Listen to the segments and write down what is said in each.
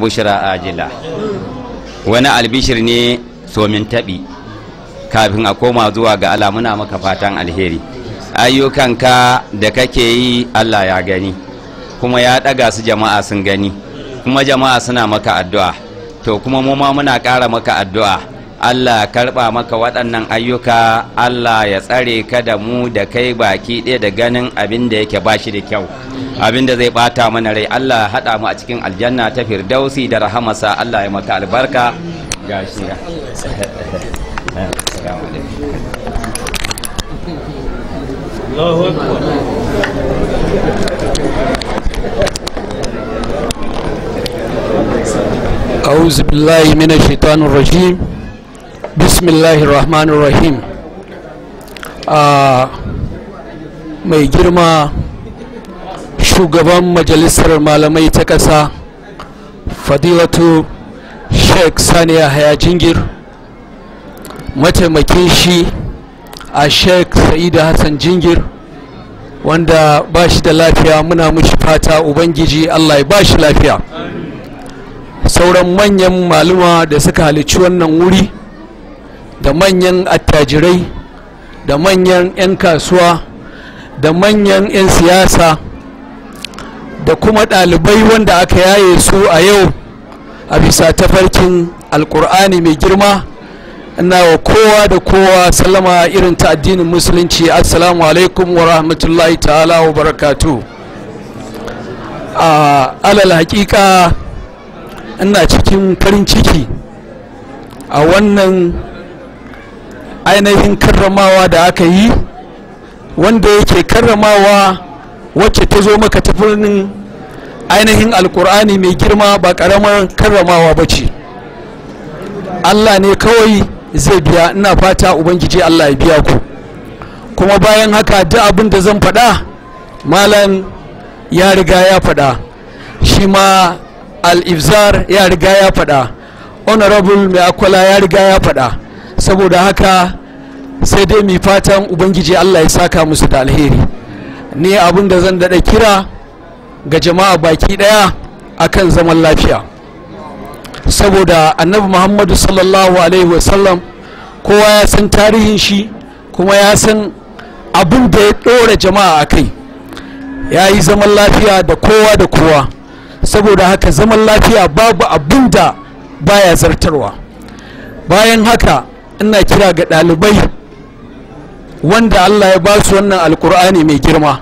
bushira ajila wani albishir ne somin taɓi kafin a koma zuwa ga Allah muna maka fatan alheri ayyukanka da kake yi Allah ya gani kuma ya ɗaga su jama'a sun gani kuma jama'a suna maka addu'a to kuma mu ma muna ƙara maka addu'a Allah ya karba maka waɗannan ayyuka Allah ya tsare ka da mu da kai baki ɗaya da ganin abin da yake ba shi da kyau abin da zai bata mana rai Allah ya haɗa mu a cikin aljanna ta firdausi da rahamasa Allah ya maka albarka ga shi أعوذ بالله من الشيطان الرجيم bismillahi rahmanir rahim ah, mai girma shugaban majalisar malamai ta ƙasa fadilatu sheikh saniya haya jingir mataimakin shi a sheikh sa'ida hassan jingir wanda ba shi da lafiya muna mushi fata ubangiji allah ya ba shi lafiya sauran manyan maluma da suka halicci wannan wuri da manyan attajirai da manyan 'yan kasuwa da manyan 'yan siyasa da kuma ɗalibai wanda aka yaye su a yau a bisa tafarkin alkur'ani mai girma ina wa kowa da kowa salama irin ta addinin musulunci assalamu alaikum wa rahmatullahi ta'ala wa barakatu a alal hakika ina cikin farin ciki a wannan ainihin karramawa da aka yi wanda yake karramawa wacce ta zo maka ta birnin ainihin alkur'ani mai girma ba karamar karramawa ba ce allah ne kawai zai biya ina fata ubangiji allah ya biya ku kuma bayan haka duk abin da zan faɗa malam ya riga ya faɗa shi ma al ya riga ya faɗa honorable mai akwala ya riga ya faɗa saboda haka sai dai mai fatan ubangiji allah ya saka musu da alheri ne abin da zan daɗa kira ga jama'a baki ɗaya akan zaman lafiya saboda annabi muhammadu sallallahu alaihi wasallam kowa ya san tarihin shi kuma ya san abin da ya ɗora jama'a a kai ya yi zaman lafiya da kowa da kowa saboda haka zaman lafiya babu abin da baya zartarwa bayan haka ina kira ga ɗalibai wanda Allah ya ba su wannan alkur'ani mai girma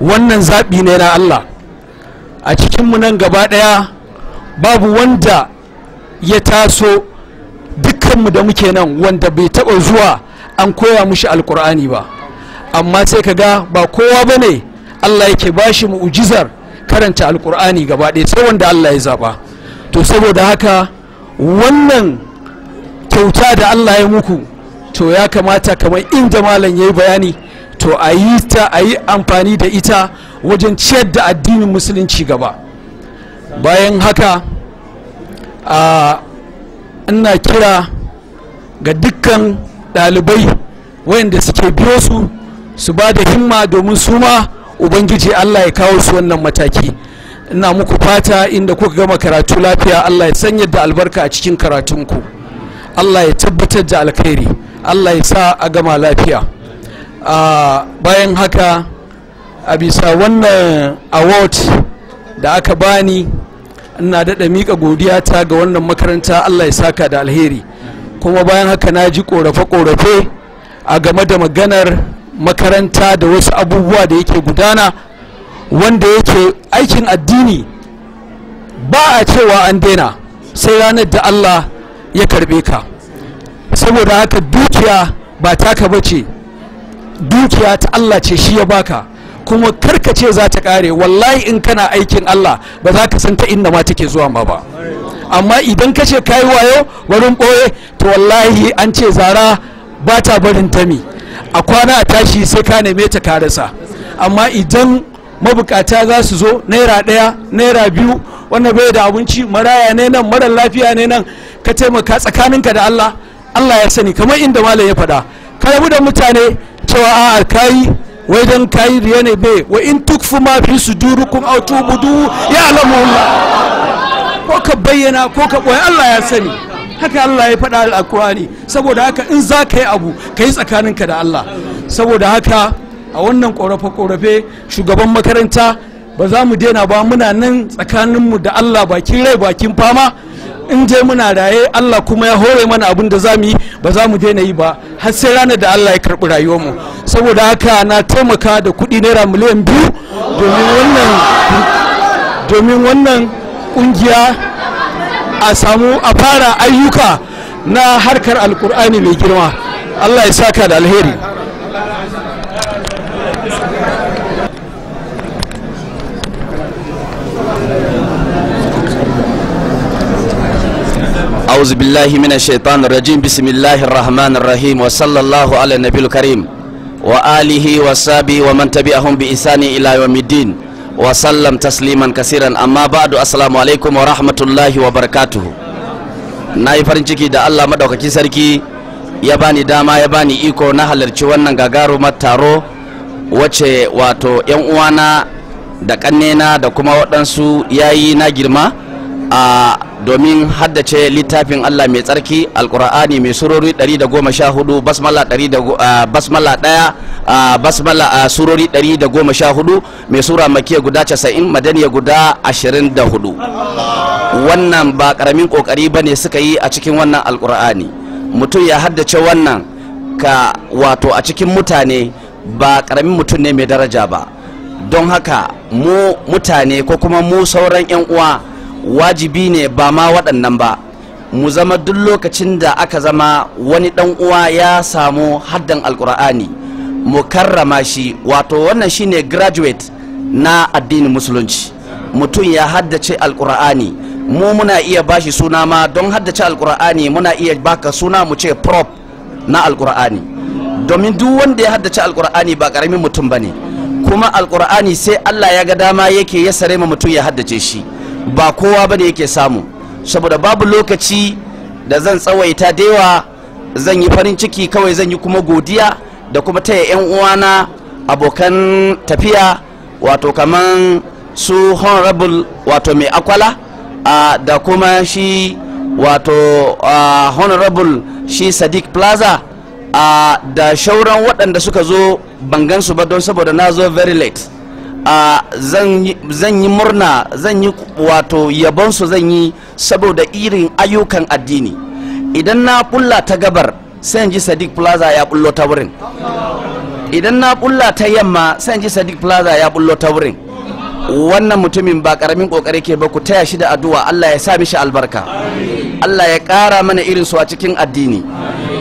wannan zaɓi ne na Allah a cikinmu nan gaba ɗaya babu wanda ya taso dukkanmu da muke nan wanda bai taɓa zuwa an koya mushi alkur'ani ba amma sai ka ga ba kowa bane ne Allah yake ba shi mu'ujizar karanta alkur'ani gaba ɗaya sai wanda Allah ya zaɓa to saboda haka wannan kyauta da Allah ya muku to ya kamata kamar inda malam ya yi bayani to a yi ta a yi amfani da ita wajen ciyar da addinin musulunci gaba bayan haka a ina kira ga dukkan ɗalibai wayanda suke biyo su su ba da himma domin su ma ubangiji allah ya kawo su wannan mataki ina muku fata inda kuka gama karatu lafiya allah ya sanya da albarka a cikin karatunku allah ya tabbatar da alkhairi allah ya sa a gama lafiya bayan haka a bisa wannan award da aka bani ina daɗa miƙa godiya ta ga wannan makaranta allah ya saka da alheri kuma bayan haka na ji ƙorafe-ƙorafe a game da maganar makaranta da wasu abubuwa da yake gudana wanda yake aikin addini ba a cewa an daina sai ranar da allah ya karbe ka saboda haka dukiya ba taka bace dukiya ta Allah ce shi ya baka kuma karkace za ta kare wallahi in kana aikin Allah ba za ka san ta inda ma take zuwa ma ba amma idan ka ce kayi wayo warin boye to wallahi an ce zara ba ta barin tami a kwana a tashi sai ka neme ta karasa amma idan mabukata za su zo naira ɗaya naira biyu wanda bai da abinci maraya ne nan marar lafiya ne nan ka taimaka tsakaninka da Allah Allah ya sani kamar inda malam ya faɗa ka da mutane cewa a kayi wai dan kayi riya ne bai wa in tukfu ma fi sudurukum aw tubudu ya alamu Allah ko ka bayyana ko ka boye Allah ya sani haka Allah ya faɗa alƙur'ani saboda haka in za ka yi abu ka yi tsakaninka da Allah saboda haka a wannan korafe-korafe shugaban makaranta ba za mu daina ba muna nan tsakaninmu da allah bakin rai bakin fama in je muna raye allah kuma ya hore mana abin da za mu yi ba za mu daina yi ba har sai ranar da allah ya karɓi mu saboda haka na taimaka da kuɗi naira miliyan biyu domin wannan kungiya ƙungiya a samu a fara ayyuka na harkar alkur'ani mai girma allah ya saka da alheri أعوذ بالله من الشيطان الرجيم بسم الله الرحمن الرحيم وصلى الله على النبي الكريم وآله وصحبه ومن تبعهم بإحسان إلى يوم الدين وسلم تسليما كثيرا أما بعد السلام عليكم ورحمة الله وبركاته na yi farin ciki da Allah madaukakin sarki ya bani dama ya bani iko na halarci wannan gagarumar taro wacce wato 'yan uwana da kannena da kuma waɗansu yayi na girma a domin haddace littafin Allah mai tsarki alkur'ani mai surori 114 basmala 1 ah, basmala daya ah, basmala ah, surori 114 mai sura makiya guda 90 madaniya guda 24 wannan ba karamin kokari bane suka yi a cikin wannan alkur'ani mutum ya haddace wannan ka wato a cikin mutane ba karamin mutum ne mai daraja ba don haka mu mutane ko kuma mu sauran 'yan uwa wajibi ne ba ma waɗannan ba mu zama duk lokacin da aka zama wani ɗan uwa ya samu haddan alkur'ani mu karrama shi wato wannan shine graduate na addinin musulunci mutum ya haddace alkur'ani mu muna iya ba shi suna ma don haddace alkur'ani muna iya baka suna mu ce prop na alkur'ani domin duk wanda ya haddace alkur'ani ba karamin mutum ba ne kuma alkur'ani sai allah ya ga dama yake ya sare ma mutum ya haddace shi ba kowa ba ne yake samu saboda babu lokaci da zan tsawaita da yawa zan yi farin ciki kawai zan yi kuma godiya da kuma taya 'yan uwana abokan tafiya wato kaman su honorable wato mai akwala da kuma shi wato honorable shi sadiq plaza da shauran waɗanda suka zo bangansu ba don saboda na zo very late A zan yi murna zan yi wato yabonsu zan yi saboda irin ayyukan addini idan na bulla ta gabar sai ji sadiq plaza ya bullo ta wurin idan na bulla ta yamma sai ji sadiq plaza ya bullo ta wurin wannan mutumin ba karamin kokari ke ba ku taya shi da addu'a Allah ya sa mishi albarka Allah ya ƙara mana irin su a cikin addini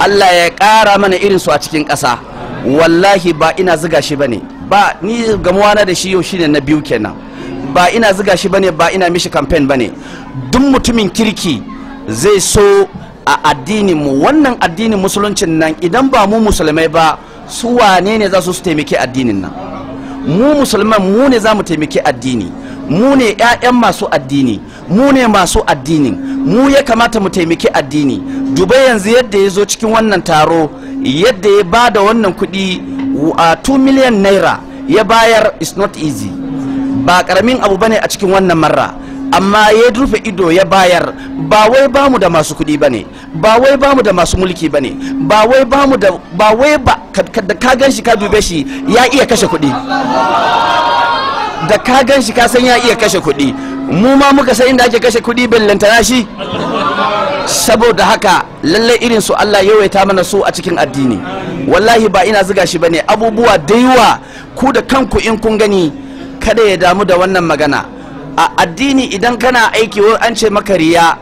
Allah ya ƙara mana irin su a cikin ƙasa wallahi ba ina ziga shi bane ba ni gamuwa na da shi yau shine na biyu kenan ba ina ziga shi bane ba ina mishi campaign bane duk mutumin kirki zai so a addinin mu wannan addinin musuluncin nan idan ba mu musulmai ba su wane ne za su su taimaki addinin nan mu musulman mu ne za mu taimaki addini mu ne 'ya'yan masu addini mu ne masu addini mu ya kamata mu taimaki addini dubai yanzu yadda ya zo cikin wannan taro yadda ya ba da wannan kuɗi 2 ah, miliyan naira ya bayar is not easy ba karamin abu bane a cikin wannan marra amma ya rufe ido ya bayar ba wai ba mu da masu kuɗi bane ba wai ba mu da masu mulki bane ba wai ba mu da ba wai ba ka ganshi ka dube shi ya iya kashe kuɗi da ka ganshi ka san ya iya kashe kuɗi mu ma muka san inda ake kashe kuɗi lantana shi saboda haka lallai irin su Allah yawaita mana su a cikin addini wallahi ba ina ziga shi bane abubuwa da yawa ku da kanku in kun gani kada ya damu da wannan magana a addini idan kana aiki an ce maka riya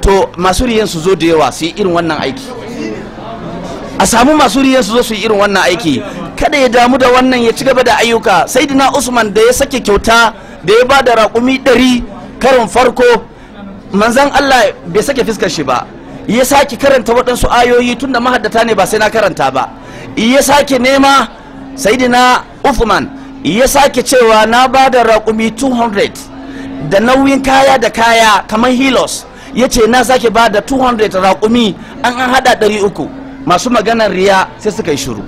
to masu riyan su zo da yawa su yi irin wannan aiki a samu masu riyan su zo su yi irin wannan aiki kada ya damu da wannan ya ci gaba da ayyuka sai usman da ya sake kyauta da ya ba da raƙumi ɗari karin farko manzan allah bai sake fiskar shi ba ya sake karanta waɗansu ayoyi tun da mahaddata ne ba sai na karanta ba ya sake nema sayidina uthman ya sake cewa na ba da raƙumi 200 da nauyin kaya da kaya kamar hilos ya ce na sake ba da 200 raƙumi an an hada 300 masu maganar riya sai suka yi shiru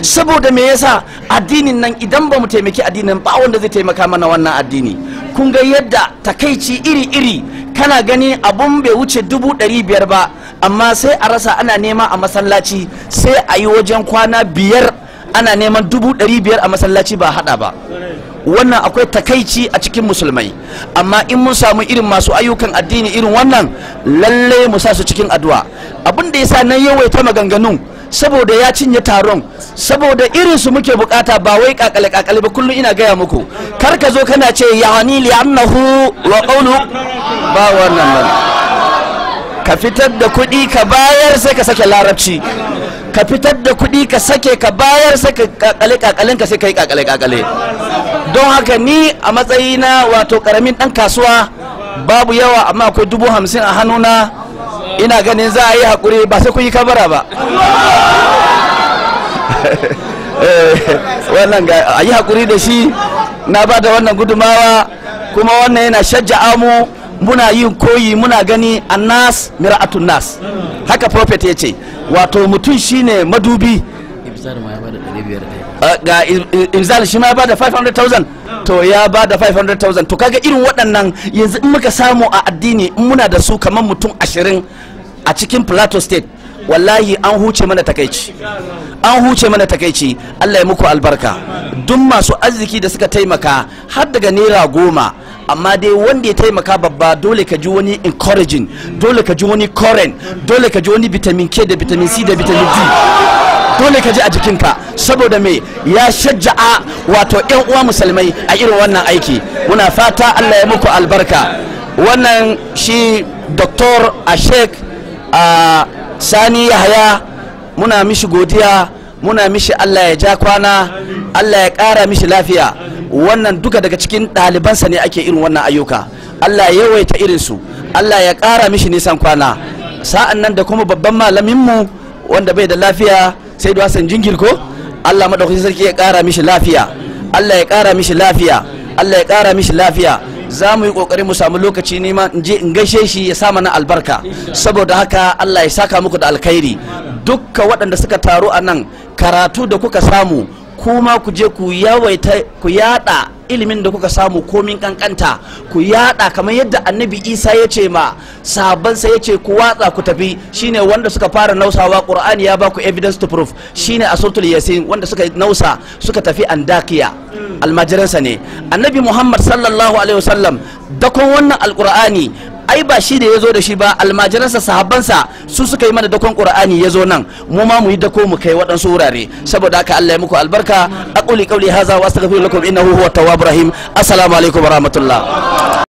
saboda me yasa addinin nan idan ba mu taimaki addinin ba wanda zai taimaka mana wannan addini kun ga yadda takaici iri-iri kana gani abun bai wuce dubu ɗari biyar ba amma sai a rasa ana nema a masallaci sai a yi wajen kwana biyar ana neman dubu ɗari biyar a masallaci ba haɗa ba wannan akwai takaici a cikin musulmai amma in mun samu irin masu ayyukan addini irin wannan lalle mu sa su cikin addu'a abin da yasa nan yawaita maganganun saboda ya cinye taron saboda irin su muke bukata ba wai kakale kakale ba kullum ina gaya muku kar ka zo kana ce yani li annahu wa qawlu ba wannan ba ka fitar da kuɗi ka bayar sai ka sake larabci ka fitar da kuɗi ka sake ka bayar sai ka kakale kakalen ka sai ka yi kakale kakale don haka ni a matsayina wato karamin ɗan kasuwa babu yawa amma akwai dubu hamsin a hannuna ina ganin za a yi haƙuri ba sai kun yi kamara ba eh, wannan a yi haƙuri da shi na ba da wannan gudumawa kuma wannan yana shajja'a mu muna yin koyi muna gani annas mir'atun nas haka prophet ya ce wato mutum shine madubi ga imzal shi ma ya bada 500,000 to ya bada 500,000 to kaga irin waɗannan yanzu in muka samu a addini in muna da su kamar mutum ashirin a cikin plateau state wallahi an huce mana takaici an huce mana takaici allah ya muku albarka duk masu arziki da suka taimaka har daga naira goma amma dai wanda ya taimaka babba dole ka ji wani encouraging dole ka ji wani current dole ka ji wani vitamin k da vitamin c da vitamin d dole ka ji a jikinka saboda me ya shajja'a wato yan uwa musulmai a irin wannan aiki muna fata allah ya muku albarka wannan shi doktor a sheik a sani yahaya muna mishi godiya muna mishi allah ya ja kwana allah ya ƙara mishi lafiya wannan duka daga cikin ɗalibansa ne ake irin wannan ayyuka Allah ya yawaita irinsu Allah ya ƙara mishi nisan kwana sa'an nan da kuma babban malaminmu wanda bai da lafiya sai da jingir ko Allah madaukakin sarki ya ƙara mishi lafiya Allah ya ƙara mishi lafiya Allah ya ƙara mishi lafiya za mu yi ƙoƙari mu samu lokaci neman in je in gaishe shi ya sa mana albarka saboda haka Allah ya saka muku da alkhairi dukka waɗanda suka taru a nan karatu da kuka samu kuma ku je ku yawaita ku yada ilimin da kuka samu komin kankanta ku yada kamar yadda annabi isa ya ce ma sabansa ya ce ku watsa ku tafi shine wanda suka fara nausawa qur'ani ya baku evidence to proof shine asuratul yasin wanda suka nausa suka tafi andakiya almajiransa ne annabi muhammad sallallahu alaihi wasallam dakon wannan alqur'ani ai ba shi ne ya zo da shi ba almajiransa sahabbansa su suka yi mana dakon qur'ani ya zo nan mu ma mu yi dako mu kai waɗansu wurare saboda haka Allah ya muku albarka aquli qawli hadha wa astaghfirullakum innahu huwa tawwabur rahim assalamu alaikum wa rahmatullah